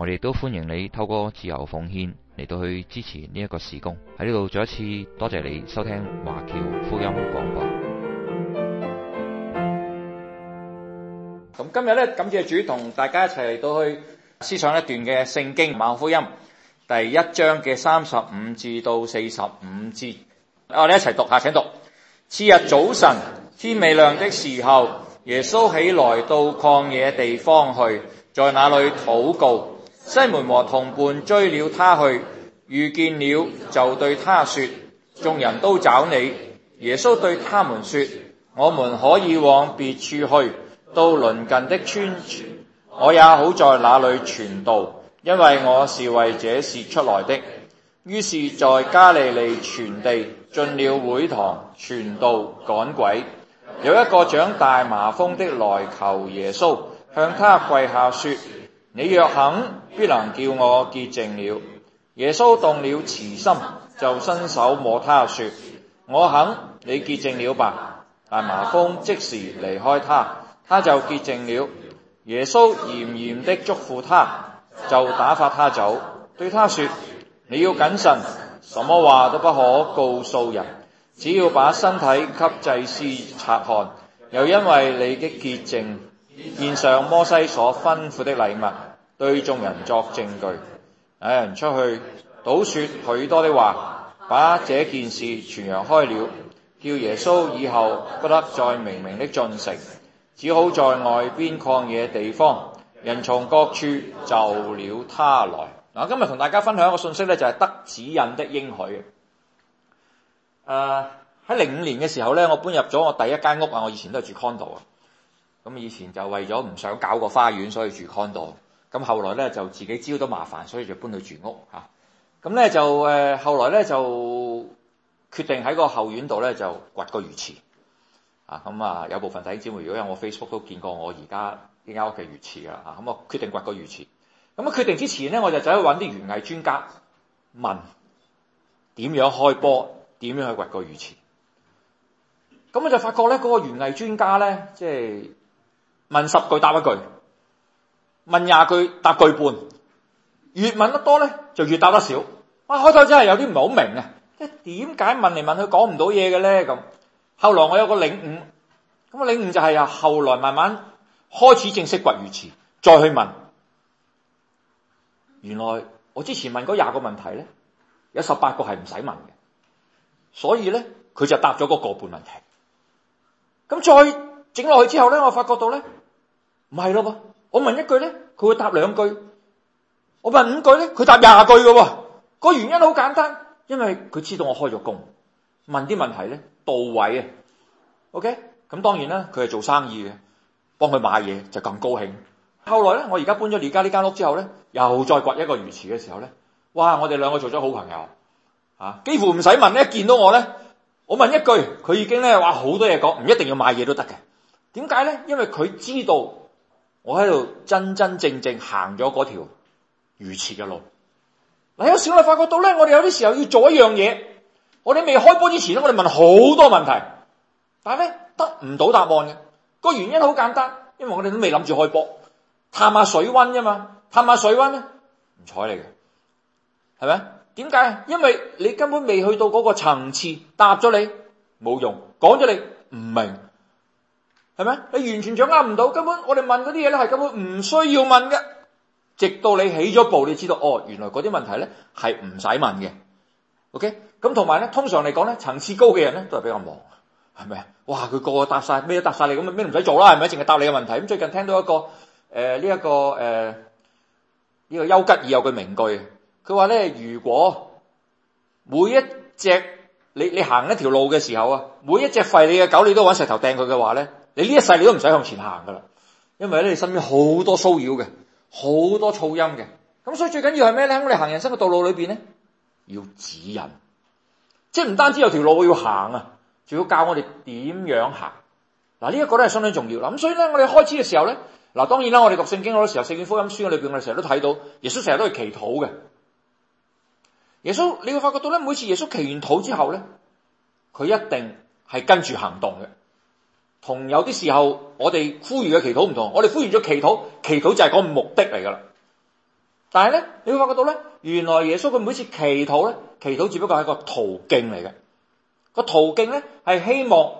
我哋都歡迎你透過自由奉獻嚟到去支持呢一個事工。喺呢度再一次多謝你收聽華僑福音廣播。咁今日咧，感謝主同大家一齊嚟到去思想一段嘅聖經馬可福音第一章嘅三十五至到四十五節。我哋一齊讀一下，請讀。次日早晨天未亮的時候，耶穌起來到曠野地方去，在那裏禱告。西門和同伴追了他去，遇見了就對他說：眾人都找你。耶穌對他們說：我們可以往別處去，到鄰近的村，我也好在那裏傳道，因為我是為這事出來的。於是，在加利利全地進了會堂傳道趕鬼。有一個長大麻風的來求耶穌，向他跪下說。你若肯，必能叫我潔淨了。耶穌動了慈心，就伸手摸他說，說我肯，你潔淨了吧。但麻風即時離開他，他就潔淨了。耶穌嚴嚴的囑咐他，就打發他走，對他說，你要謹慎，什麼話都不可告訴人，只要把身體給祭司察看。又因為你既潔淨獻上摩西所吩咐的禮物。對眾人作證據，有人出去，倒說許多的話，把這件事傳揚開了，叫耶穌以後不得再明明的進城，只好在外邊曠野地方。人從各處就了他來。嗱，今日同大家分享一個信息咧，就係得指引的應許。誒、呃，喺零五年嘅時候咧，我搬入咗我第一間屋啊，我以前都係住 condo 啊，咁以前就為咗唔想搞個花園，所以住 condo。咁後來咧就自己知到麻煩，所以就搬去住屋嚇。咁、啊、咧、嗯、就誒、呃，後來咧就決定喺個後院度咧就掘個魚池啊。咁、嗯、啊，有部分弟兄姊妹如果喺我 Facebook 都見過我而家呢間屋嘅魚池啦。咁、啊嗯、我決定掘個魚池。咁啊、嗯、決定之前咧，我就走去揾啲園藝專家問點樣開波，點樣去掘個魚池。咁、啊嗯、我就發覺咧，嗰、那個園藝專家咧即係問十句答一句。問廿句答句半，越問得多咧，就越答得少。我、啊、開頭真係有啲唔係好明嘅，即係點解問嚟問去講唔到嘢嘅咧？咁後來我有個領悟，咁啊領悟就係由後來慢慢開始正式掘魚池，再去問。原來我之前問嗰廿個問題咧，有十八個係唔使問嘅，所以咧佢就答咗嗰個半問題。咁再整落去之後咧，我發覺到咧唔係咯喎。我問一句咧，佢會答兩句；我問五句咧，佢答廿句嘅喎。個原因好簡單，因為佢知道我開咗工，問啲問題咧到位啊。OK，咁當然啦，佢係做生意嘅，幫佢買嘢就咁高興。後來咧，我而家搬咗而家呢間屋之後咧，又再掘一個魚池嘅時候咧，哇！我哋兩個做咗好朋友啊，幾乎唔使問，一見到我咧，我問一句，佢已經咧話好多嘢講，唔一定要買嘢都得嘅。點解咧？因為佢知道。我喺度真真正正行咗嗰條魚翅嘅路。嗱，有小麗發覺到咧，我哋有啲時候要做一樣嘢。我哋未開波之前咧，我哋問好多問題，但係咧得唔到答案嘅，個原因好簡單，因為我哋都未諗住開波，探下水溫啫嘛。探下水溫咧，唔睬你嘅，係咪？點解？因為你根本未去到嗰個層次，答咗你冇用，講咗你唔明。係咩？你完全掌握唔到，根本我哋問嗰啲嘢咧，係根本唔需要問嘅。直到你起咗步，你知道哦，原來嗰啲問題咧係唔使問嘅。OK，咁同埋咧，通常嚟講咧，層次高嘅人咧都係比較忙，係咪啊？哇！佢個個答晒咩都答晒你咁啊，咩唔使做啦，係咪？淨係答你嘅問題。咁最近聽到一個誒，呢、呃、一、這個誒呢、呃這個丘吉爾有嘅名句，佢話咧：如果每一隻你你行一條路嘅時候啊，每一隻吠你嘅狗，你都揾石頭掟佢嘅話咧。你呢一世你都唔使向前行噶啦，因為咧你身邊好多騷擾嘅，好多噪音嘅，咁所以最緊要係咩咧？我哋行人生嘅道路裏邊咧，要指引，即係唔單止有條路要行啊，仲要教我哋點樣行。嗱呢一個咧係相當重要。咁所以咧我哋開始嘅時候咧，嗱當然啦，我哋讀聖經好多時候，四卷福音書裏邊我哋成日都睇到耶穌成日都係祈禱嘅。耶穌你會發覺到咧，每次耶穌祈完禱之後咧，佢一定係跟住行動嘅。同有啲時候我哋呼籲嘅祈禱唔同，我哋呼籲咗祈禱，祈禱就係個目的嚟噶啦。但係咧，你會發覺到咧，原來耶穌佢每次祈禱咧，祈禱只不過係個途徑嚟嘅，這個途徑咧係希望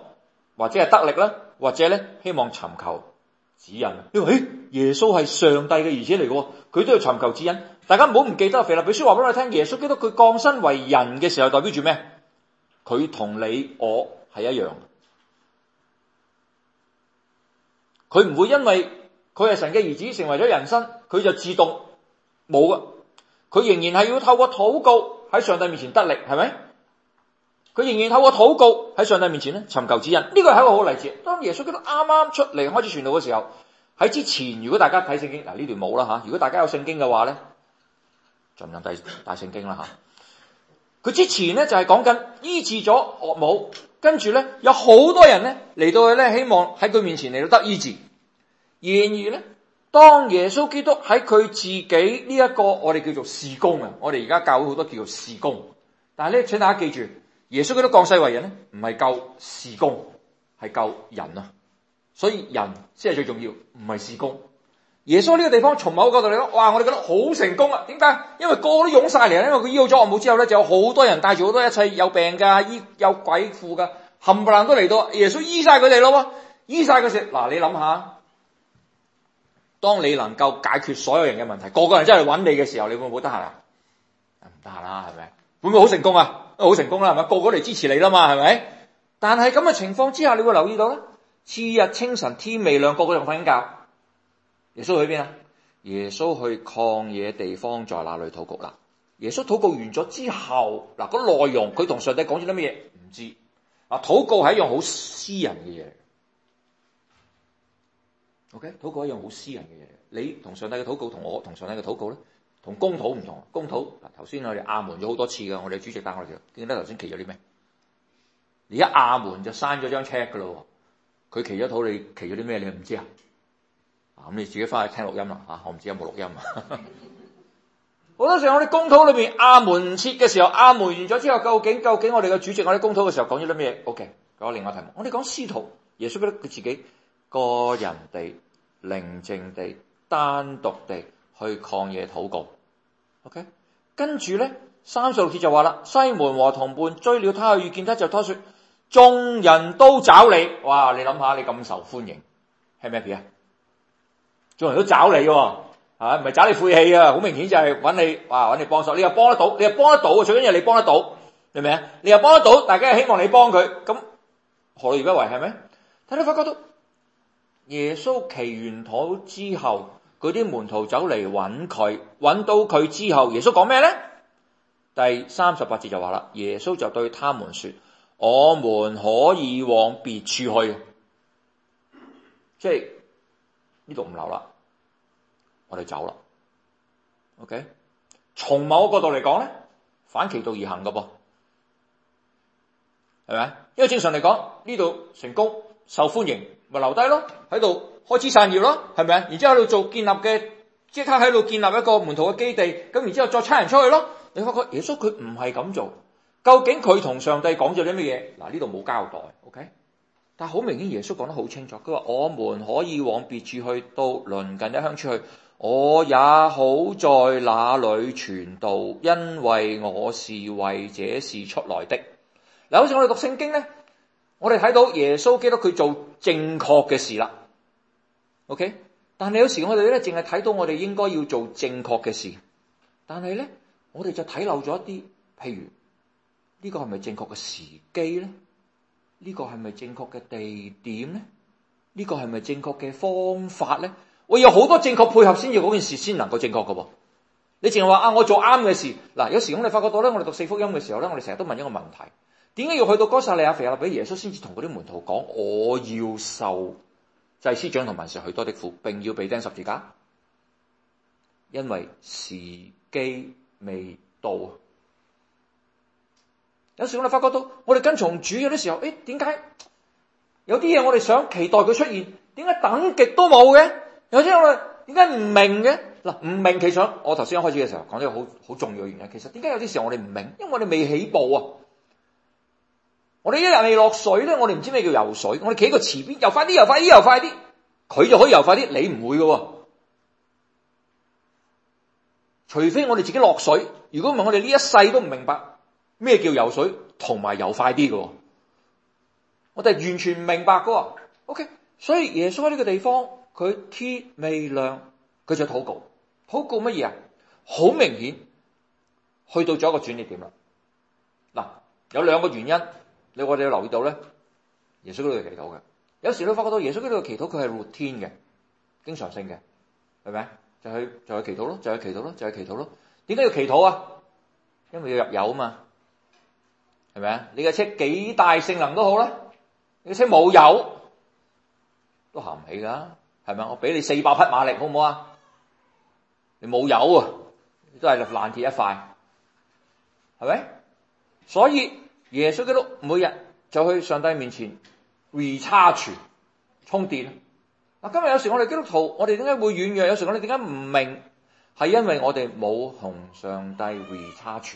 或者係得力啦，或者咧希望尋求指引。你話咦，耶穌係上帝嘅兒子嚟嘅，佢都要尋求指引。大家唔好唔記得《腓立比書》話俾我哋聽，耶穌基督佢降身為人嘅時候，代表住咩？佢同你我係一樣。佢唔會因為佢係神嘅兒子成為咗人生，佢就自動冇噶。佢仍然係要透過禱告喺上帝面前得力，係咪？佢仍然透過禱告喺上帝面前咧尋求指引，呢、這個係一個好例子。當耶穌都啱啱出嚟開始傳道嘅時候，喺之前，如果大家睇聖經嗱呢段冇啦吓，如果大家有聖經嘅話咧，盡量帶帶聖經啦吓。佢、啊、之前咧就係講緊醫治咗岳母，跟住咧有好多人咧嚟到佢咧，希望喺佢面前嚟到得醫治。然而咧，當耶穌基督喺佢自己呢、這、一個，我哋叫做事工啊。我哋而家教會好多叫做事工，但係咧，請大家記住，耶穌基督降世為人咧，唔係救事工，係救人啊。所以人先係最重要，唔係事工。耶穌呢個地方從某角度嚟講，哇，我哋覺得好成功啊。點解？因為個個都湧晒嚟啦。因為佢醫好咗岳母之後咧，就有好多人帶住好多一切有病噶、醫有鬼附噶冚唪唥都嚟到耶穌醫晒佢哋咯。醫晒佢哋，嗱，你諗下。當你能夠解決所有人嘅問題，個個人真係揾你嘅時候，你會唔會得閒啊？唔得閒啦，係咪？會唔會好成功啊？好成功啦，係咪？個個嚟支持你啦嘛，係咪？但係咁嘅情況之下，你會留意到咧，次日清晨天未亮，個個人瞓緊覺，耶穌去邊啊？耶穌去曠野地方，在哪裏禱告啦？耶穌禱告完咗之後，嗱、嗰個內容，佢同上帝講咗啲乜嘢？唔知啊，禱告係一樣好私人嘅嘢。O K，禱告一樣好私人嘅嘢，你同上帝嘅禱告，同我同上帝嘅禱告咧，同公禱唔同。公禱嗱，頭先我哋阿門咗好多次嘅，我哋主席帶我哋，記得頭先祈咗啲咩？而家阿門就刪咗張 check 噶咯，佢祈咗禱，你祈咗啲咩？你又唔知啊？啊咁，你自己翻去聽錄音啦吓、啊，我唔知有冇錄音。好 多時候我哋公禱裏邊阿門切嘅時候，阿門完咗之後，究竟究竟我哋嘅主席，我哋公禱嘅時候講咗啲咩？O K，講另外一題目，我哋講司徒，耶穌覺佢自己。個人地、寧靜地、單獨地去曠野禱告，OK。跟住咧，三十六節就話啦：西門和同伴追了他，遇見他就對他說：眾人都找你，哇！你諗下，你咁受歡迎係咩嘢啊？眾人都找你喎，啊，吓唔係找你晦氣啊？好明顯就係揾你，哇！揾你幫手，你又幫得到，你又幫得到，最緊要你幫得到，明唔明啊？你又幫得到，大家希望你幫佢，咁何樂而不為？係咪？睇你發覺到。耶穌祈完禱之後，佢啲門徒走嚟揾佢，揾到佢之後，耶穌講咩咧？第三十八節就話啦，耶穌就對他們說：我們可以往別處去，即係呢度唔留啦，我哋走啦。OK，從某個角度嚟講咧，反其道而行㗎噃，係咪？因為正常嚟講，呢度成功，受歡迎。咪留低咯，喺度開始散業咯，係咪啊？然之後喺度做建立嘅，即刻喺度建立一個門徒嘅基地，咁然之後再差人出去咯。你發覺耶穌佢唔係咁做，究竟佢同上帝講咗啲乜嘢？嗱，呢度冇交代，OK？但係好明顯耶穌講得好清楚，佢話，我們可以往別處去，到鄰近的鄉村出去。我也好在那裡傳道，因為我是為這事出來的。嗱，好似我哋讀聖經咧，我哋睇到耶穌基督佢做正確嘅事啦，OK？但係有時我哋咧淨係睇到我哋應該要做正確嘅事，但係咧我哋就睇漏咗一啲，譬如呢個係咪正確嘅時機咧？呢個係咪正確嘅地點咧？呢個係咪正確嘅方法咧？我要有好多正確配合先至，嗰件事先能夠正確噶。你淨係話啊，我做啱嘅事嗱，有時我哋發覺到咧，我哋讀四福音嘅時候咧，我哋成日都問一個問題。點解要去到哥撒利亞腓立比耶穌先至同嗰啲門徒講，我要受祭司長同文士許多的苦，並要被釘十字架？因為時機未到。有時我哋發覺到，我哋跟從主有啲時候，誒，點解有啲嘢我哋想期待佢出現，點解等極都冇嘅？有啲我哋點解唔明嘅？嗱，唔明其實，我頭先開始嘅時候講咗個好好重要嘅原因。其實點解有啲時候我哋唔明？因為我哋未起步啊。我哋一日未落水咧，我哋唔知咩叫游水。我哋企個池邊游快啲，游快啲，游快啲，佢就可以游快啲，你唔會噶。除非我哋自己落水。如果唔係，我哋呢一世都唔明白咩叫游水同埋游快啲噶。我哋完全唔明白噶。OK，所以耶穌喺呢個地方，佢天未亮，佢就禱告，禱告乜嘢啊？好明顯去到咗一個轉折點啦。嗱，有兩個原因。你我哋有留意到咧，耶穌嗰度嘅祈禱嘅，有時你發覺到耶穌嗰度嘅祈禱佢係活天嘅，經常性嘅，係咪啊？就去就去祈禱咯，就去祈禱咯，就去祈禱咯。點解要祈禱啊？因為要入油啊嘛，係咪啊？你嘅車幾大性能都好啦，你嘅車冇油都行唔起噶，係咪啊？我俾你四百匹馬力，好唔好啊？你冇油啊，都係爛鐵一塊，係咪？所以。耶穌基督每日就去上帝面前 recharge 充電。嗱，今日有時我哋基督徒，我哋點解會軟弱？有時我哋點解唔明？係因為我哋冇同上帝 recharge。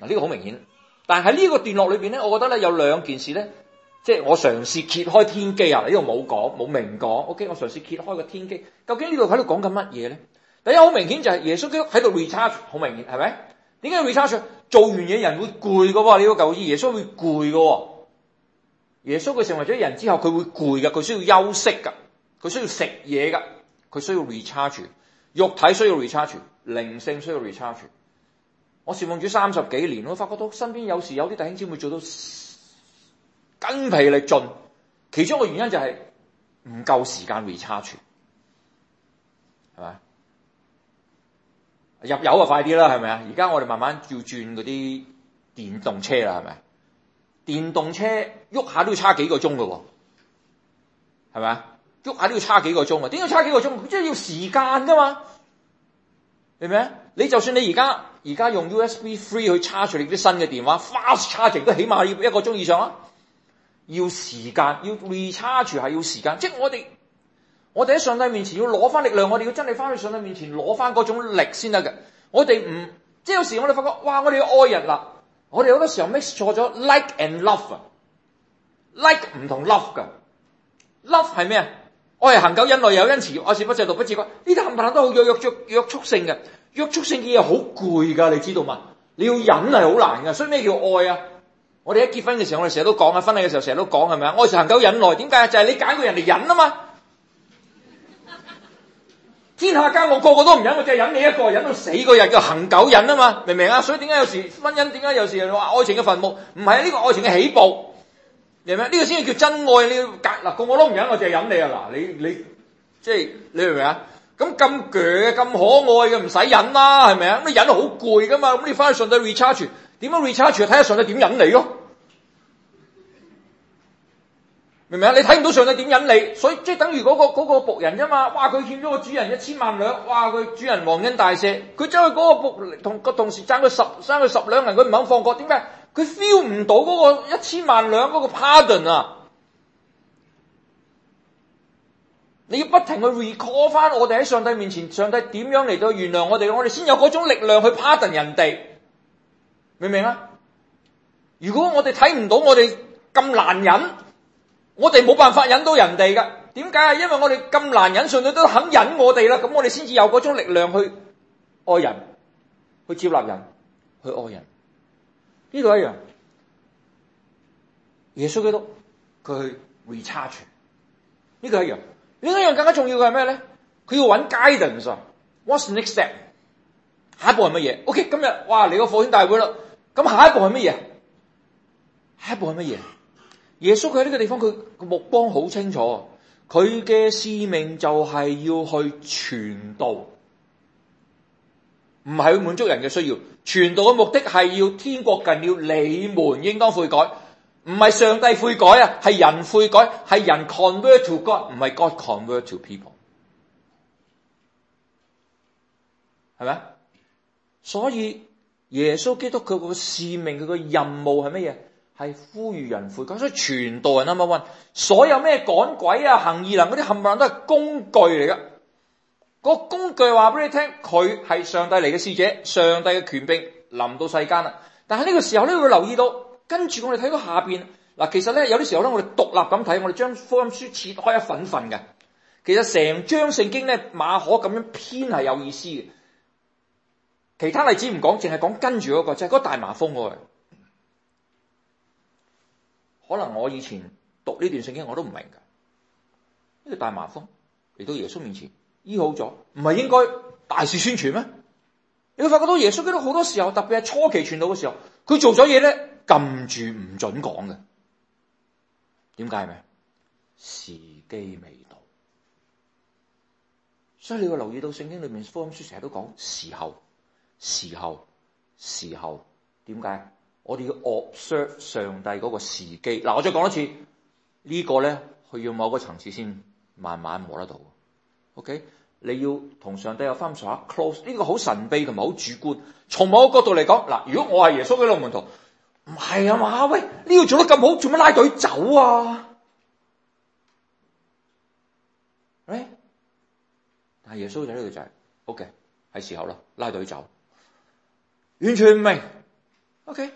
嗱，呢個好明顯。但係喺呢個段落裏邊咧，我覺得咧有兩件事咧，即係我嘗試揭開天機啊！呢度冇講，冇明講。OK，我嘗試揭開個天機，究竟呢度喺度講緊乜嘢咧？第一好明顯就係耶穌基督喺度 recharge，好明顯係咪？點解要 recharge？做完嘢人會攰噶，你呢個舊耶穌會攰噶，耶穌佢成為咗人之後佢會攰噶，佢需要休息噶，佢需要食嘢噶，佢需要 recharge，肉體需要 recharge，靈性需要 recharge。我侍奉主三十幾年，我發覺到身邊有時有啲弟兄姊妹做到筋疲力盡，其中一個原因就係、是、唔夠時間 recharge，係嘛？入油啊，快啲啦，係咪啊？而家我哋慢慢要轉嗰啲電動車啦，係咪？電動車喐下都要差幾個鐘噶喎，係咪啊？喐下都要差幾個鐘啊？點解差幾個鐘？即係要時間㗎嘛？明唔明啊？你就算你而家而家用 USB 3去 charge 你啲新嘅電話，fast charging 都起碼要一個鐘以上啊。要時間，要 recharge 係要時間，即係我哋。我哋喺上帝面前要攞翻力量，我哋要真係翻去上帝面前攞翻嗰種力先得嘅。我哋唔即係有時候我哋發覺，哇！我哋要愛人啦，我哋好多時候 mix 錯咗 like and love 啊，like 唔同 love 㗎，love 係咩啊？愛係恆久忍耐又有恩慈，愛是不嫉妒，不自誇。呢啲冚唪唥都好約約約束性嘅約束性嘢好攰㗎，你知道嘛？你要忍係好難嘅，所以咩叫愛啊？我哋喺結婚嘅時候，我哋成日都講啊，婚禮嘅時候成日都講係咪啊？愛是恆久忍耐，點解啊？就係、是、你揀個人嚟忍啊嘛。天下間我個個都唔忍，我淨係忍你一個，忍到死個人叫恆久忍啊嘛，明唔明啊？所以點解有時婚姻，點解有時人哋話愛情嘅墳墓，唔係呢個愛情嘅起步，明唔明？呢、呢個先叫真愛。要隔嗱個個都唔忍，我淨係忍，忍、啊、忍，忍你啊嗱，你你即係你明唔明啊？咁咁鋸嘅咁可愛嘅，唔使忍啦，係咪啊？咁你忍好攰噶嘛，咁你翻去上帝 recharge，點樣 recharge？睇下上帝點忍你咯。明唔明啊？你睇唔到上帝點引你，所以即係等於嗰個嗰個僕人啫嘛。哇！佢欠咗個主人一千萬兩，哇！佢主人皇恩大赦，佢走去嗰個僕同個同事爭佢十爭佢十兩銀，佢唔肯放過。點解？佢 feel 唔到嗰個一千萬兩嗰個 pardon 啊！你要不停去 record 翻我哋喺上帝面前，上帝點樣嚟到原諒我哋，我哋先有嗰種力量去 pardon 人哋。明唔明啊？如果我哋睇唔到，我哋咁難忍。我哋冇辦法引到人哋噶，點解啊？因為我哋咁難忍，上帝都肯忍我哋啦，咁我哋先至有嗰種力量去愛人、去接納人、去愛人。呢、這個一樣，耶穌基督佢去 recharge，呢個一樣。另一樣更加重要嘅係咩呢？佢要揾 guidance，what's the next step？下一步係乜嘢？OK，今日哇嚟個火星大會啦，咁下一步係乜嘢？下一步係乜嘢？耶穌佢喺呢個地方，佢目光好清楚，佢嘅使命就係要去傳道，唔係去滿足人嘅需要。傳道嘅目的係要天國近了，你們應當悔改，唔係上帝悔改啊，係人悔改，係人，人 convert to God，唔係 God convert to people，係咪啊？所以耶穌基督佢個使命佢個任務係乜嘢？係呼籲人悔改，所以全道人都嘛？運。所有咩趕鬼啊、行異能嗰啲冚唪唥都係工具嚟噶。個工具話俾你聽，佢係上帝嚟嘅使者，上帝嘅權柄臨到世間啦。但係呢個時候咧，會留意到，跟住我哋睇到下邊嗱，其實咧，有啲時候咧，我哋獨立咁睇，我哋將福音書切開一份份嘅。其實成章聖經咧，馬可咁樣編係有意思嘅。其他例子唔講，淨係講跟住嗰、嗰個、就啫，嗰大麻風啊、嗰個。可能我以前讀呢段聖經我都唔明㗎，呢個大麻風嚟到耶穌面前醫好咗，唔係應該大肆宣傳咩？你會發覺到耶穌基督好多時候，特別係初期傳道嘅時候，佢做咗嘢咧，禁住唔准講嘅。點解係咩？時機未到。所以你要留意到聖經裏面福音書成日都講時候、時候、時候。點解？我哋要 observe 上帝嗰個時機，嗱我再講一次，這個、呢個咧，佢要某個層次先慢慢摸得到，OK？你要同上帝有翻咁上下 close，呢個好神秘同埋好主觀。從某個角度嚟講，嗱，如果我係耶穌嘅老門徒，唔係啊嘛，喂，呢個做得咁好，做乜拉隊走啊？喂，但係耶穌仔呢度就係 OK，係時候啦，拉隊走，完全唔明，OK？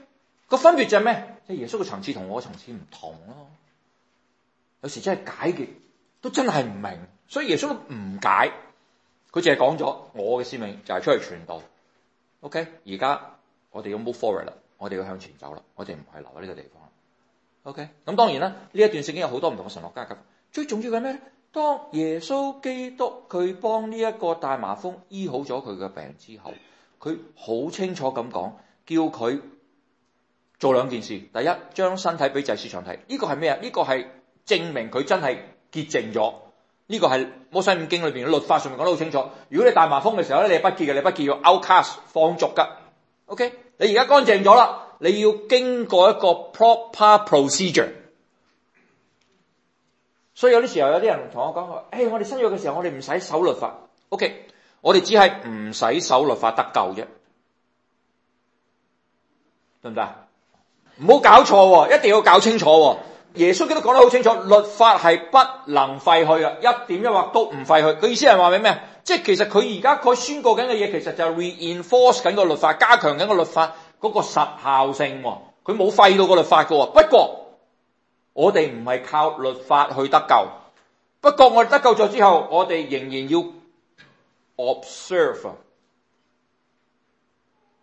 個分別就係咩？即係耶穌嘅層次同我嘅層次唔同咯。有時真係解決都真係唔明，所以耶穌都唔解。佢淨係講咗我嘅使命就係出去傳道。OK，而家我哋要 move forward 啦，我哋要向前走啦，我哋唔係留喺呢個地方。OK，咁當然啦，呢一段聖經有好多唔同嘅神學階級。最重要嘅係咩咧？當耶穌基督佢幫呢一個大麻風醫好咗佢嘅病之後，佢好清楚咁講，叫佢。做兩件事，第一將身體俾祭司場睇，呢、這個係咩啊？呢、這個係證明佢真係潔淨咗。呢、這個係《摩西五經》裏邊嘅律法上面講得好清楚。如果你大麻風嘅時候咧，你不潔嘅，你不潔要 outcast 放逐嘅。OK，你而家乾淨咗啦，你要經過一個 proper procedure。所以有啲時候有啲人同我講話：誒、哎，我哋新約嘅時候，我哋唔使守律法。OK，我哋只係唔使守律法得救啫，得唔得啊？唔好搞錯喎，一定要搞清楚喎。耶穌基督講得好清楚，律法係不能廢去啊，一點一劃都唔廢去。佢意思係話俾咩？即係其實佢而家佢宣告緊嘅嘢，其實就係 reinforce 緊個律法，加強緊個律法嗰個實效性喎。佢冇廢到個律法嘅喎。不過我哋唔係靠律法去得救，不過我哋得救咗之後，我哋仍然要 observe。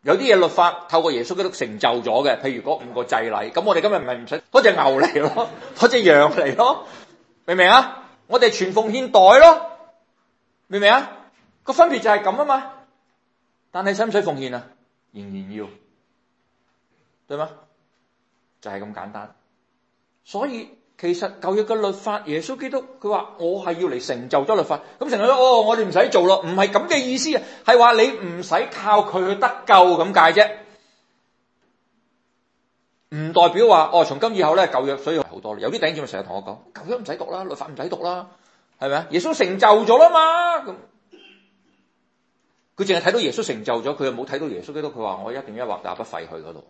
有啲嘢律法透過耶穌基督成就咗嘅，譬如嗰五個祭禮，咁我哋今日咪唔使嗰隻牛嚟咯，嗰隻羊嚟咯，明唔明啊？我哋全奉獻袋咯，明唔明啊？個分別就係咁啊嘛，但係使唔使奉獻啊？仍然要，對嗎？就係咁簡單，所以。其實舊約嘅律法，耶穌基督佢話我係要嚟成就咗律法，咁成日都哦，我哋唔使做咯，唔係咁嘅意思啊，係話你唔使靠佢去得救咁解啫，唔代表話哦，從今以後咧舊約所以好多，有啲頂住咪成日同我講，舊約唔使讀啦，律法唔使讀啦，係咪啊？耶穌成就咗啦嘛，咁佢淨係睇到耶穌成就咗，佢又冇睇到耶穌基督。佢話我一點一畫也不廢去嗰度。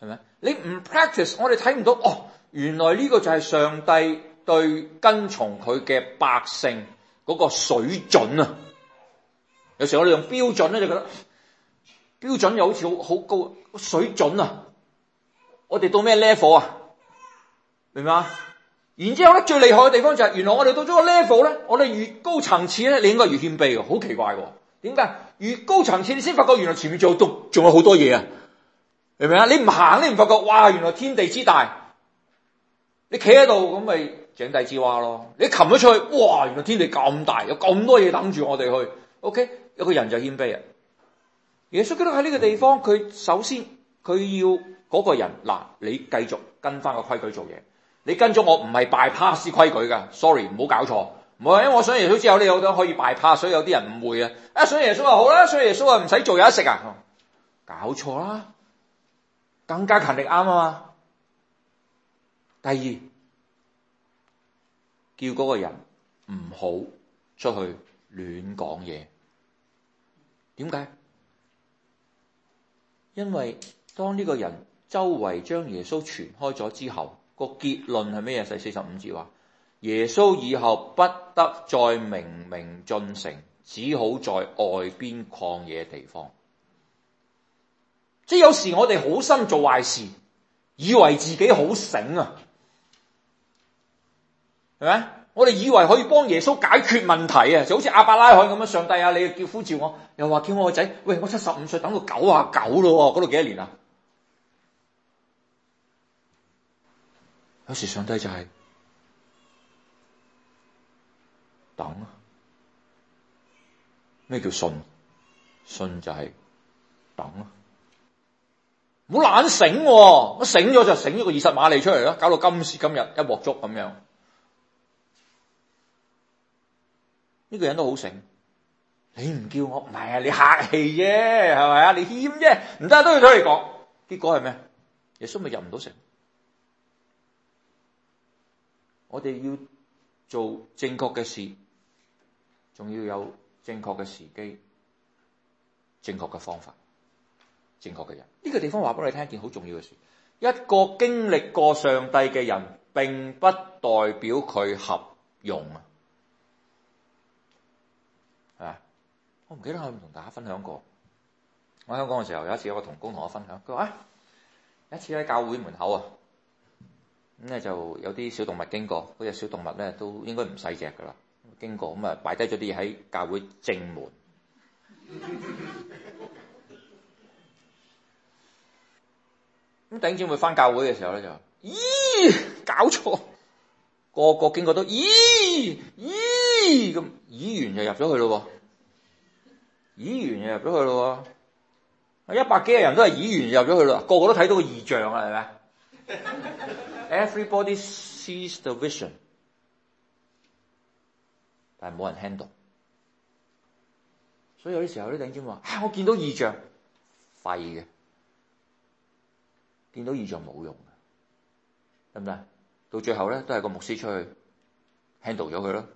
係咪？你唔 practice，我哋睇唔到哦。原來呢個就係上帝對跟從佢嘅百姓嗰個水準啊。有時我哋用標準咧，就覺得標準又好似好好高，水準啊。我哋到咩 level 啊？明唔明啊？然之後咧，最厲害嘅地方就係，原來我哋到咗個 level 咧，我哋越高層次咧，你應該越謙卑嘅，好奇怪嘅。點解？越高層次你先發覺，原來前面仲有仲有好多嘢啊。明唔明啊？你唔行，你唔發覺哇！原來天地之大，你企喺度咁咪井底之蛙咯。你擒咗出去哇！原來天地咁大，有咁多嘢等住我哋去。OK，有個人就謙卑啊。耶穌基督喺呢個地方，佢首先佢要嗰個人嗱，你繼續跟翻個規矩做嘢。你跟咗我唔係 bypass 規矩噶，sorry 唔好搞錯。唔係因為我想耶穌之後咧，有得可以 bypass，所以有啲人誤會啊。一想耶穌話好啦，想耶穌啊，唔使做嘢，得食啊，搞錯啦。更加勤力啱啊嘛！第二，叫嗰個人唔好出去亂講嘢。點解？因為當呢個人周圍將耶穌傳開咗之後，個結論係咩嘢？四四十五節話：耶穌以後不得再明明進城，只好在外邊曠野地方。即係有時我哋好心做壞事，以為自己好醒啊，係咪？我哋以為可以幫耶穌解決問題啊，就好似亞伯拉罕咁樣，上帝啊，你又叫呼召我，又話叫我個仔，喂，我七十五歲等到九啊九咯喎，嗰度幾多年啊？有時上帝就係、是、等啊。咩叫信？信就係等啊。好懶醒、啊，我醒咗就醒一個二十馬尼出嚟啦，搞到今時今日一鑊粥咁樣。呢、這個人都好醒，你唔叫我唔係啊，你客氣啫，係咪啊？你謙啫，唔得都要對你講。結果係咩？耶穌咪入唔到城。我哋要做正確嘅事，仲要有正確嘅時機，正確嘅方法。正確嘅人，呢、這個地方話俾你聽一件好重要嘅事。一個經歷過上帝嘅人，並不代表佢合用啊，係嘛？我唔記得我有冇同大家分享過。我喺香港嘅時候，有一次我同工同我分享，佢話：啊、有一次喺教會門口啊，咁咧就有啲小動物經過，嗰隻小動物咧都應該唔細隻㗎啦，經過咁啊擺低咗啲嘢喺教會正門。 咁頂尖會返教會嘅時候咧就，咦，搞錯，個個經過都，咦，咦，咁議員就入咗去咯喎，議員就入咗去咯喎，一百幾人都係議員就入咗去咯，個個都睇到個異象啊，係咪啊？Everybody sees the vision，但係冇人 handle，所以有啲時候咧頂尖話、啊，我見到異象，廢嘅。見到意象冇用，得唔得？到最後咧，都係個牧師出去 handle 咗佢咯。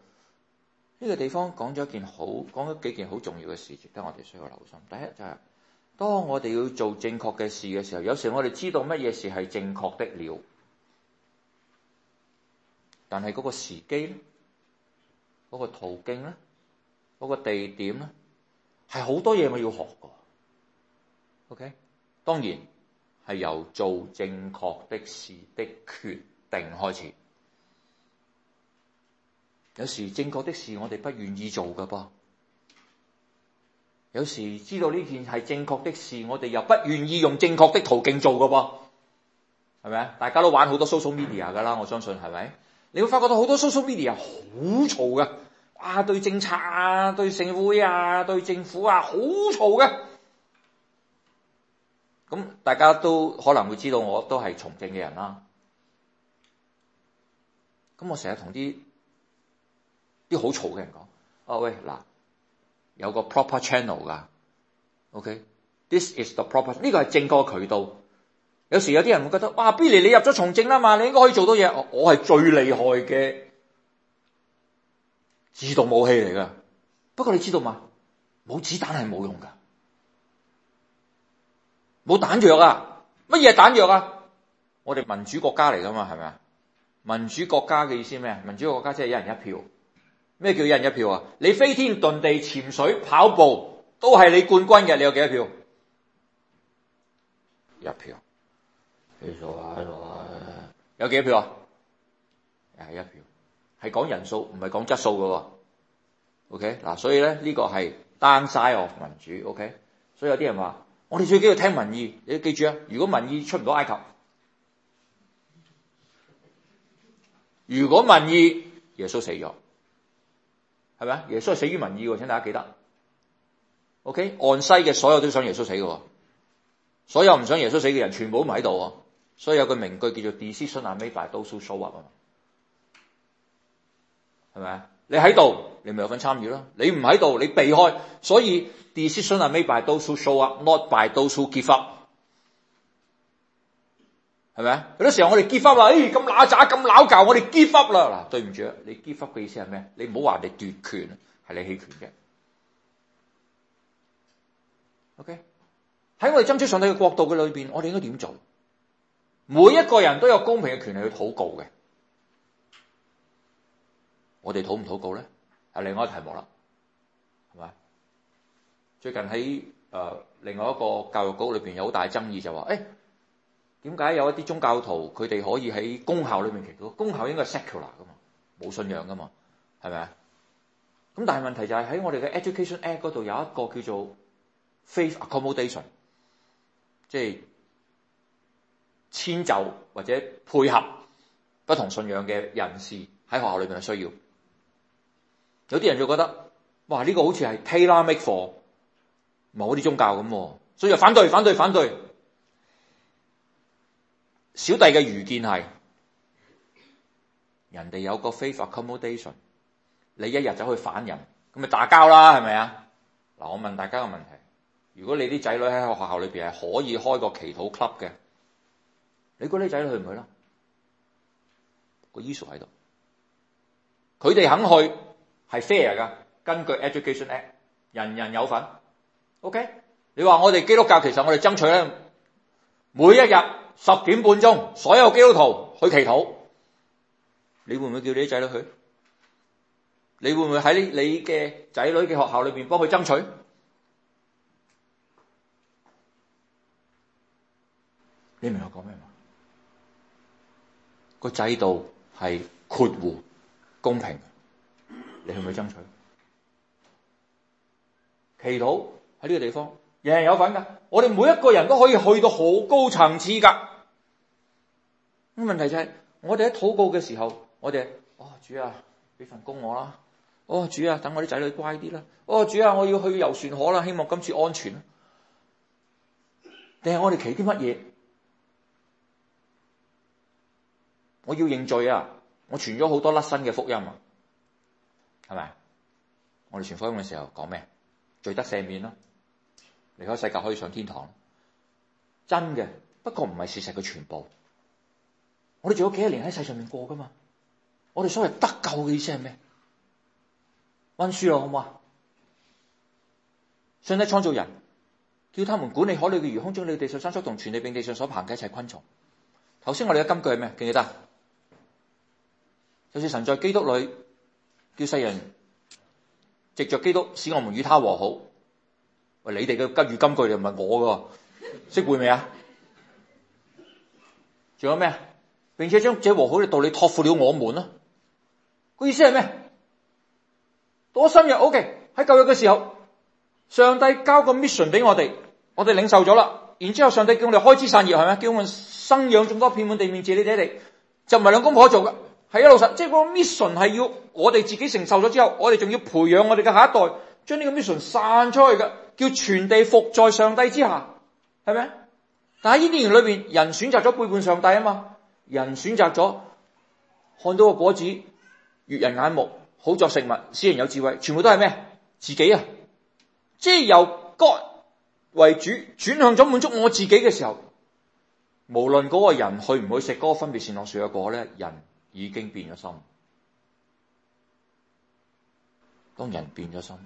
呢個地方講咗一件好，講咗幾件好重要嘅事，值得我哋需要留心。第一就係，當我哋要做正確嘅事嘅時候，有時我哋知道乜嘢事係正確的了，但係嗰個時機咧，嗰個途徑咧，嗰個地點咧，係好多嘢我要學㗎。OK，當然。係由做正確的事的決定開始。有時正確的事我哋不願意做㗎噃，有時知道呢件係正確的事，我哋又不願意用正確的途徑做㗎噃，係咪？大家都玩好多 social media 噶啦，我相信係咪？你會發覺到好多 social media 好嘈㗎，哇！對政策啊，對社會啊，對政府啊，好嘈㗎。咁大家都可能會知道，我都係從政嘅人啦。咁我成日同啲啲好嘈嘅人講，哦、啊、喂，嗱，有個 proper channel 噶，OK，This、okay? is the proper，呢個係正個渠道。有時有啲人會覺得，哇，Billy 你入咗從政啦嘛，你應該可以做到嘢、啊。我係最厲害嘅自動武器嚟噶。不過你知道嘛，冇子彈係冇用㗎。冇彈藥啊！乜嘢係彈藥啊？我哋民主國家嚟噶嘛，係咪啊？民主國家嘅意思咩啊？民主國家即係一人一票。咩叫一人一票啊？你飛天遁地、潛水、跑步都係你冠軍嘅，你有幾多票？一票。你數下，數下。有幾多票啊？又係一票。係講人數，唔係講質素嘅喎、啊。OK，嗱，所以咧呢、這個係 downside of 民主。OK，所以有啲人話。我哋最緊要聽民意，你記住啊！如果民意出唔到埃及，如果民意耶穌死咗，係咪啊？耶穌死，耶穌死於民意，請大家記得。OK，岸西嘅所有都想耶穌死嘅，所有唔想耶穌死嘅人，全部都唔喺度。所以有句名句叫做 “decision made by the 少數說話”，係咪啊？你喺度，你咪有份參與啦。你唔喺度，你避開。所以 decision 係 made by those who show up，not by those who give up。係咪啊？有啲時候我哋 give up 啦，哎，咁乸渣，咁撚舊，我哋 give up 啦。嗱、啊，對唔住，你 give up 嘅意思係咩？你唔好話你奪權，係你棄權嘅。OK，喺我哋爭取上帝嘅國度嘅裏邊，我哋應該點做？每一個人都有公平嘅權利去禱告嘅。我哋禱唔禱告咧？係另外一個題目啦，係咪？最近喺誒、呃、另外一個教育局裏邊有好大爭議就，就話誒點解有一啲宗教徒佢哋可以喺公校裏面祈禱？公校應該係 secular 噶嘛，冇信仰噶嘛，係咪？咁但係問題就係喺我哋嘅 Education Act 度有一個叫做 faith accommodation，即係遷就或者配合不同信仰嘅人士喺學校裏邊嘅需要。有啲人就覺得，哇！呢、這個好似係 tailor make for 某啲宗教咁、啊，所以就反對反對反對。小弟嘅愚見係，人哋有個非法 accommodation 你一日走去反人，咁咪打交啦，係咪啊？嗱，我問大家一個問題：如果你啲仔女喺學校裏面係可以開個祈禱 club 嘅，你估你啲仔女去唔去咯？個 issue 喺度，佢哋肯去。係 fair 嘅，根據 Education Act，人人有份。OK，你話我哋基督教其實我哋爭取咧，每一日十點半鐘，所有基督徒去祈禱，你會唔會叫你仔女去？你會唔會喺你嘅仔女嘅學校裏面幫佢爭取？你明我講咩嘛？個制度係括弧公平。你去唔去爭取？祈禱喺呢個地方，人人有份噶。我哋每一個人都可以去到好高層次噶。咁問題就係、是，我哋喺禱告嘅時候，我哋，哦，主啊，俾份工我啦。哦主啊，等我啲仔女乖啲啦。哦主啊，我要去遊船河啦，希望今次安全。定係我哋祈啲乜嘢？我要認罪啊！我傳咗好多甩身嘅福音啊！係咪？我哋傳福音嘅時候講咩？罪得赦免咯，離開世界可以上天堂。真嘅，不過唔係事實嘅全部。我哋做咗幾多年喺世上面過噶嘛？我哋所謂得救嘅意思係咩？溫書咯，好唔好啊？上帝創造人，叫他們管理海裏嘅魚空，空中嘅地上的牲畜同全地並地上所爬嘅一切昆蟲。頭先我哋嘅金句係咩？記唔記得？就是神在基督裏。叫世人藉着基督使我們與他和好。喂，你哋嘅金語金句就唔係我噶，識背未啊？仲有咩？並且將這和好嘅道理託付了我們啊。個意思係咩？多深入 O K。喺、OK, 舊約嘅時候，上帝交個 mission 俾我哋，我哋領受咗啦。然之後上帝叫我哋開枝散葉係咪？叫我哋生養眾多，遍滿地面，借你哋嚟，就唔係兩公婆做噶。係啊，老實即係、就是、個 mission 係要我哋自己承受咗之後，我哋仲要培養我哋嘅下一代，將呢個 mission 散出去嘅，叫全地服在上帝之下，係咪？但係伊甸園裏邊，人選擇咗背叛上帝啊嘛，人選擇咗看到個果子悅人眼目，好作食物，使人有智慧，全部都係咩？自己啊，即係由 God 為主轉向咗滿足我自己嘅時候，無論個人去唔去食嗰個分別善惡樹嘅果咧，人。已經變咗心了，當人變咗心，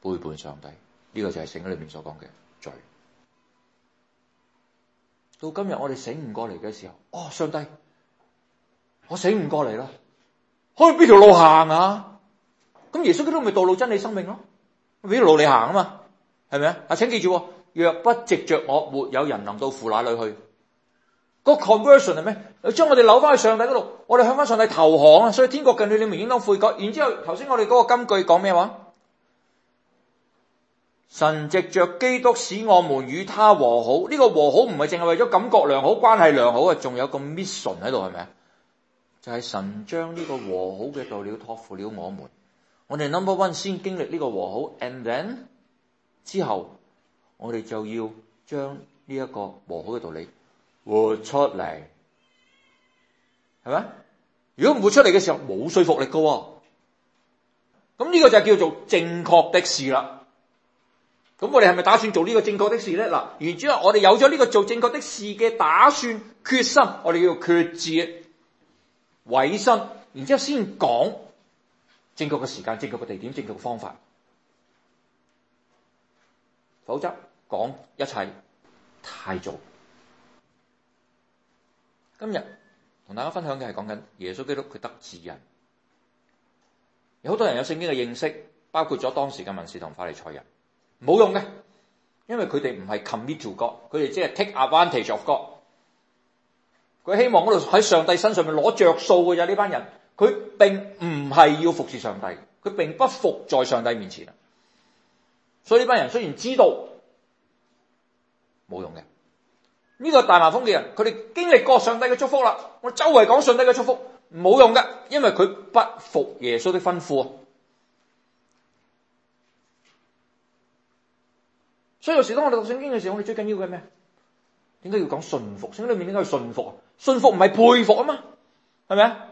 背叛上帝，呢、這個就係聖經裏面所講嘅罪。到今日我哋醒唔過嚟嘅時候，哦，上帝，我醒唔過嚟喇，可以邊條路行啊？咁耶穌基督咪道路真理生命咯、啊，邊條路你行啊嘛？係咪啊？啊，請記住，若不藉着我，沒有人能到父那裏去。個 conversion 係咩？將我哋扭翻去上帝嗰度，我哋向翻上帝投降啊！所以天國近了，你們應當悔改。然之後頭先我哋嗰個金句講咩話？神藉着基督使我們與他和好。呢個和好唔係淨係為咗感覺良好、關係良好啊，仲有個 mission 喺度，係咪啊？就係神將呢個和好嘅道理託付了我們。我哋 number one 先經歷呢個和好，and then 之後我哋就要將呢一個和好嘅道理。活出嚟，係咪？如果唔活出嚟嘅時候，冇說服力噶喎。咁呢個就叫做正確的事啦。咁我哋係咪打算做呢個正確的事咧？嗱，然之後我哋有咗呢個做正確的事嘅打算、決心，我哋要決志、委身，然之後先講正確嘅時間、正確嘅地點、正確嘅方法。否則講一切太早。今日同大家分享嘅係講緊耶穌基督佢得智人，有好多人有聖經嘅認識，包括咗當時嘅文士同法利賽人，冇用嘅，因為佢哋唔係 commit to God，佢哋只係 take advantage of God，佢希望度喺上帝身上面攞着數嘅啫，呢班人，佢並唔係要服侍上帝，佢並不服在上帝面前啊，所以呢班人雖然知道，冇用嘅。呢個大麻風嘅人，佢哋經歷過上帝嘅祝福啦。我周圍講上帝嘅祝福冇用嘅，因為佢不服耶穌嘅吩咐啊。所以有時當我哋讀聖經嘅時候，我哋最緊要嘅係咩？點解要講信服，聖經裏面應該要信服，信服唔係佩服啊嘛？係咪啊？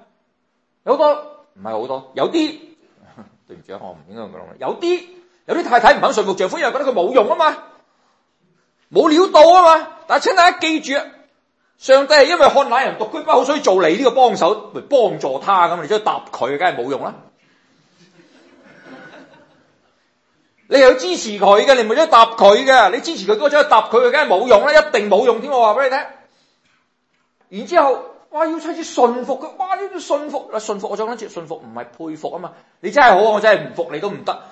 有好多唔係好多，有啲 對唔住啊，我唔應該咁講，有啲有啲太太唔肯信服丈夫，因為覺得佢冇用啊嘛，冇料到啊嘛。但請大家記住啊！上帝係因為看那人獨居不好，所以做你呢個幫手嚟幫助他咁，你而家答佢，梗係冇用啦。 你又要支持佢嘅，你唔係想答佢嘅。你支持佢，哥將去答佢，梗係冇用啦，一定冇用添。我話俾你聽，然之後哇，要妻子信服佢哇，要信服啊，信服。我再講一次，信服唔係佩服啊嘛。你真係好，我真係唔服你都唔得。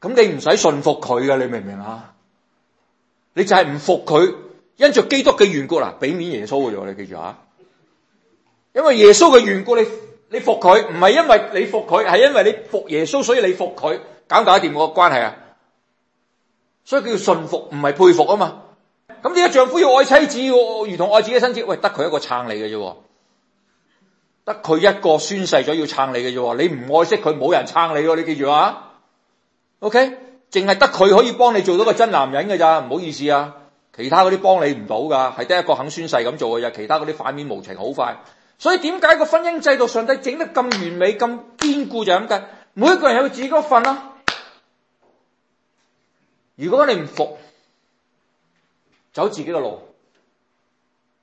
咁你唔使信服佢噶，你明唔明啊？你就係唔服佢。因着基督嘅緣故啦，俾面耶穌嘅啫，你記住啊。因為耶穌嘅緣故，你你服佢唔係因為你服佢，係因為你服耶穌，所以你服佢，搞唔搞得掂個關係啊？所以叫信服，唔係佩服啊嘛。咁呢個丈夫要愛妻子，如同愛自己身子，喂，得佢一個撐你嘅啫，得佢一個宣誓咗要撐你嘅啫。你唔愛惜佢，冇人撐你咯。你記住啊。O K，淨係得佢可以幫你做到個真男人嘅咋，唔好意思啊。其他嗰啲幫你唔到㗎，係得一個肯宣誓咁做嘅啫。其他嗰啲反面無情，好快。所以點解個婚姻制度上帝整得咁完美、咁堅固就咁、是、計？每一個人都有自己個份啦，啊。如果你唔服，走自己嘅路，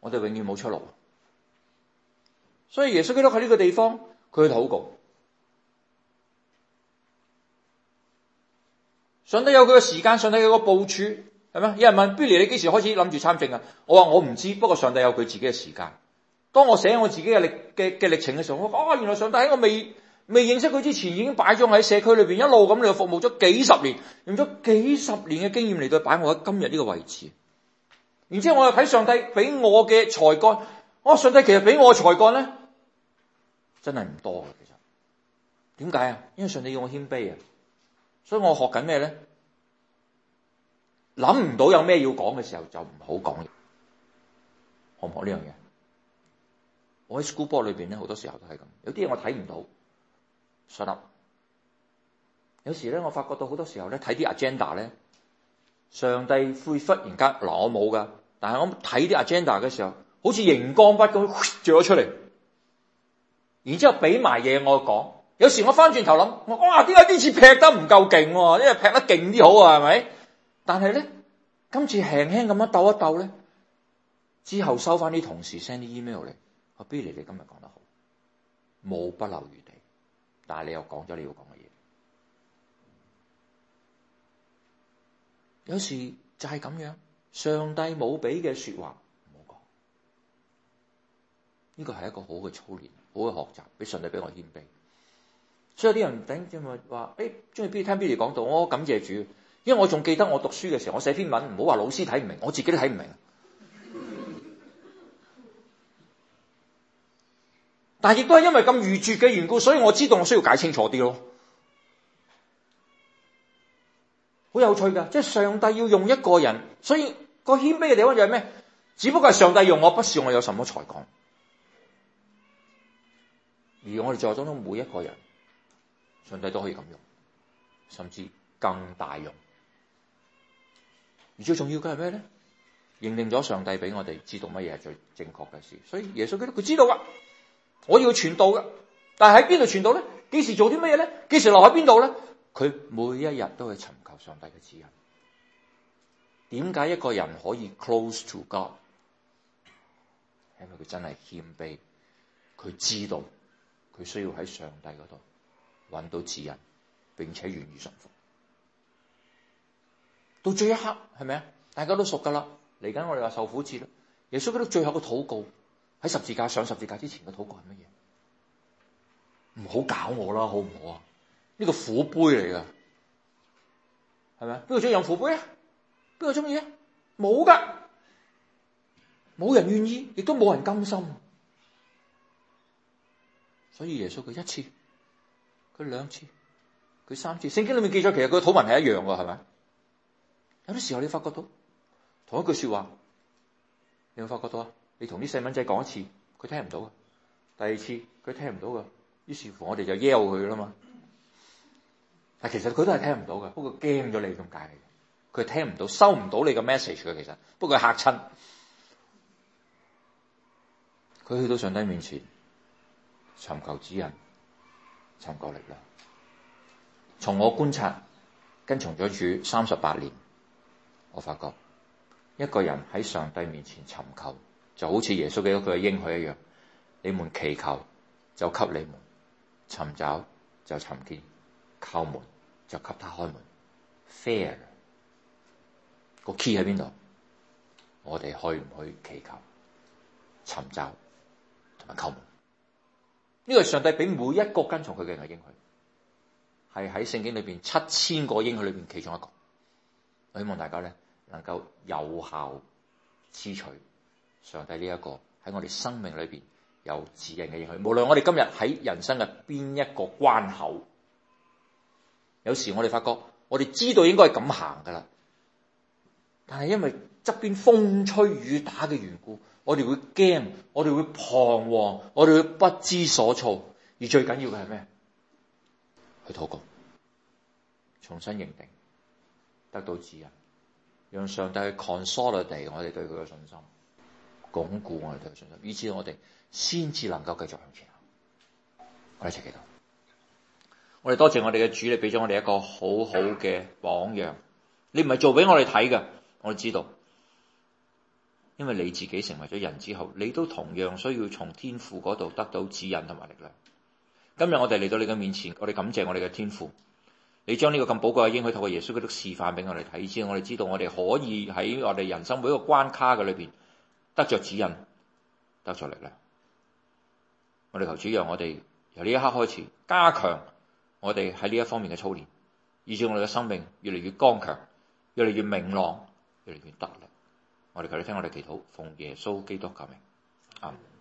我哋永遠冇出路。所以耶穌基督喺呢個地方，佢去禱告，上帝有佢嘅時間，上帝有個部署。係咩？有人問 Billy，你幾時開始諗住參政啊？我話我唔知，不過上帝有佢自己嘅時間。當我寫我自己嘅歷嘅嘅歷程嘅時候，我話啊、哦，原來上帝喺我未未認識佢之前，已經擺咗我喺社區裏邊一路咁嚟服務咗幾十年，用咗幾十年嘅經驗嚟到擺我喺今日呢個位置。然之後我又睇上帝俾我嘅才幹，我、哦、上帝其實俾我嘅才幹咧，真係唔多嘅。其實點解啊？因為上帝要我謙卑啊，所以我學緊咩咧？諗唔到有咩要講嘅時候就唔好講，可唔可呢樣嘢？我喺 school 波裏邊咧，好多時候都係咁，有啲嘢我睇唔到，信唔有時咧，我發覺到好多時候咧，睇啲 agenda 咧，上帝悔忽然家嗱、啊，我冇噶，但係我睇啲 agenda 嘅時候，好似熒光筆咁著咗出嚟，然之後俾埋嘢我講。有時我翻轉頭諗，我哇，點解呢次劈得唔夠勁？因為劈得勁啲好啊，係咪？但係咧，今次輕輕咁樣鬥一鬥咧，之後收翻啲同事 send 啲 email 嚟，話 Billy 你今日講得好，冇不留餘地，但係你又講咗你要講嘅嘢。有時就係咁樣，上帝冇俾嘅説話唔好講，呢個係一個好嘅操練，好嘅學習，俾上帝俾我謙卑。所以啲人頂住咪話，誒，中意 Billy 聽 Billy 講到我感謝主。因為我仲記得我讀書嘅時候，我寫篇文唔好話老師睇唔明，我自己看不 都睇唔明。但係亦都係因為咁愚拙嘅緣故，所以我知道我需要解清楚啲咯。好有趣噶，即上帝要用一個人，所以個謙卑嘅地方就係咩？只不過係上帝用我，不是我有什麼才幹。而我哋在座，每一個人，上帝都可以咁用，甚至更大用。而最重要嘅係咩咧？認定咗上帝俾我哋知道乜嘢係最正確嘅事，所以耶穌基督佢知道噶，我要傳道噶，但係喺邊度傳道咧？幾時做啲乜嘢咧？幾時留喺邊度咧？佢每一日都係尋求上帝嘅指引。點解一個人可以 close to God？因為佢真係謙卑，佢知道佢需要喺上帝度揾到指引，並且願意順服。到最一刻係咪啊？大家都熟噶啦。嚟緊我哋話受苦節啦。耶穌佢都最後嘅禱告喺十字架上，十字架之前嘅禱告係乜嘢？唔好搞我啦，好唔好啊？呢、這個是苦杯嚟噶，係咪啊？邊個中意飲苦杯啊？邊個中意啊？冇噶，冇人願意，亦都冇人甘心。所以耶穌佢一次，佢兩次，佢三次。聖經裏面記載，其實佢嘅禱文係一樣噶，係咪啊？有啲時候你發覺到同一句説話，你有冇發覺到啊？你同啲細蚊仔講一次，佢聽唔到嘅；第二次佢聽唔到嘅，於是乎我哋就嬲佢啦嘛。但其實佢都係聽唔到嘅，不過驚咗你咁解嘅，佢聽唔到，收唔到你嘅 message 嘅。其實不過佢嚇親，佢去到上帝面前尋求指引、尋求力量。從我觀察跟從咗主三十八年。我發覺一個人喺上帝面前尋求，就好似耶穌嘅一個應許一樣。你們祈求就給你們，尋找就尋見，叩門就給他開門。Fair 個 key 喺邊度？我哋可唔可以祈求、尋找同埋叩門？呢個上帝俾每一個跟從佢嘅人嘅應許，係喺聖經裏邊七千個應許裏邊其中一個。我希望大家咧。能夠有效支取上帝呢一個喺我哋生命裏邊有指引嘅嘢。響，無論我哋今日喺人生嘅邊一個關口，有時我哋發覺我哋知道應該係咁行㗎啦，但係因為側邊風吹雨打嘅緣故，我哋會驚，我哋會彷徨，我哋會不知所措，而最緊要嘅係咩？去禱告，重新認定，得到指引。讓上帝去 consolidate 我哋對佢嘅信心，鞏固我哋對佢信心，以至我哋先至能夠繼續向前。我哋一齊祈禱。我哋多謝我哋嘅主，你俾咗我哋一個好好嘅榜樣。你唔係做俾我哋睇嘅，我哋知道。因為你自己成為咗人之後，你都同樣需要從天父嗰度得到指引同埋力量。今日我哋嚟到你嘅面前，我哋感謝我哋嘅天父。你將呢個咁寶貴嘅應許透過耶穌基督示範俾我哋睇，先我哋知道我哋可以喺我哋人生每一個關卡嘅裏邊得着指引，得着力量。我哋求主讓我哋由呢一刻開始加強我哋喺呢一方面嘅操練，以至我哋嘅生命越嚟越剛強，越嚟越明朗，越嚟越得力。我哋求你聽我哋祈禱，奉耶穌基督嘅名。阿門。